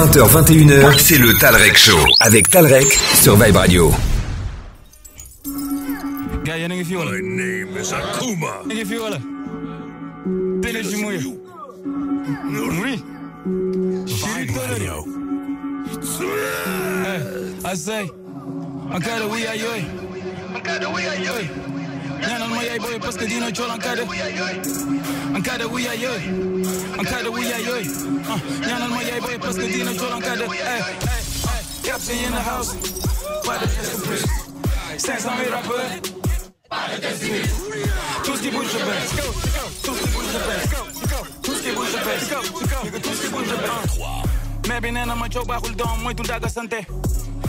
20h, 21h, c'est le Talrec Show. Avec Talrec sur Vibe Radio. My name is Akuma. aïe boy parce que dina jol encadré encadré oui aïe aïe encadré oui aïe ah, aïe ñaanal ma yaay boy parce que dina jol encadré hey eh, eh, eh. caps in the house pas de test plus 500 000 rappeurs pas de test tout ce qui bouge je tout ce qui bouge je tout ce qui bouge je tout ce qui bouge je mais bien en ma job à rouler dans moi tout d'aga santé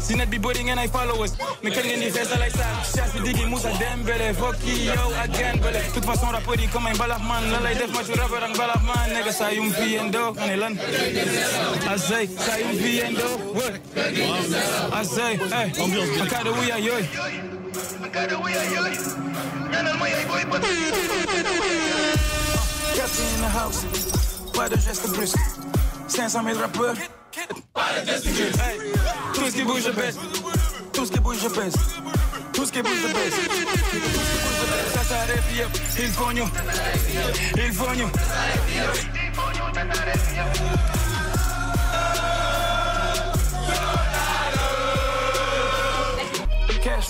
See net be boarding and I follow us. Me kan in die vest al sa. Chas me digi moes a dembele. Fuck yo again bele. Toute façon rap die kom mijn balaf man. Lalai def maar rapper rang balaf man. Nigga sa yum fi en do. Kan elan. I say sa yum fi en do. What? I say hey. Akade uya yoy. Akade uya yoy. Nana moya boy but. Captain in the house. Pas de geste brusque. 500 000 rappeurs. Tout ce qui bouge, je baisse. Tout ce qui bouge, je baisse. Tout ce qui bouge, je baisse. Ça s'arrête, il faut nous. Il faut nous.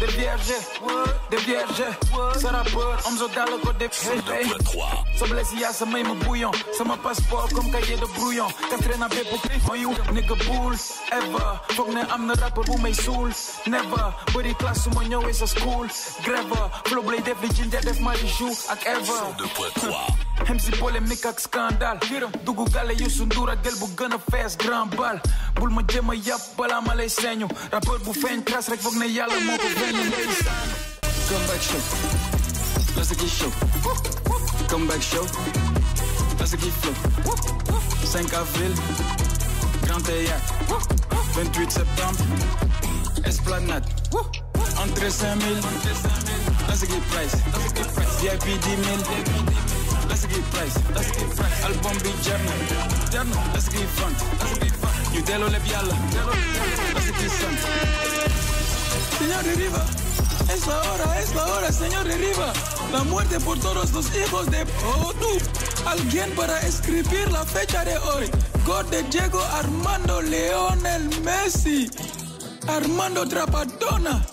de vierge, de vierge. Ça rappeur, on me dalek de vierge. Să blezia să măi mă buion, să mă pasport cum caie de brouillon. Către n-avea pe clip, mă nigga bull, ever. Foc ne am ne rapper, bu mei sul, never. Bări clasul mă nioe să school, grevă. Flow blade, legend, def, marijou, ac ever. 102.3 MC polemic ak scandale dugu gale Youssou Ndour gel bu gën a fees bal bul ma jëm ma lay bu rek ne come back show let's get show come back show let's get flow 5 avril grand théâtre 28 septembre esplanade entre 5000 let's get price VIP 10 let's get price, let's get price. Album German, German, let's get fun, let's fun. You Señor de Riva, es la hora, es la hora, señor de Riva. La muerte por todos los hijos de POTU. Alguien para escribir la fecha de hoy. God de Diego Armando Leonel Messi. Armando Trapadona.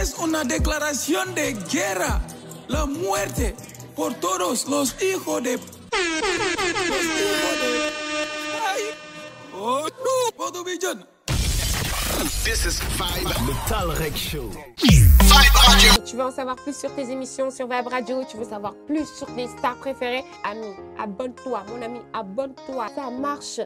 Es una declaración de guerra. La muerte Pour todos los hijos de... Oh no, Vision. This is Five Metal Rec Show. Radio. Tu veux en savoir plus sur tes émissions sur Vibe Radio, tu veux savoir plus sur tes stars préférées, ami, abonne-toi, mon ami, abonne-toi, ça marche.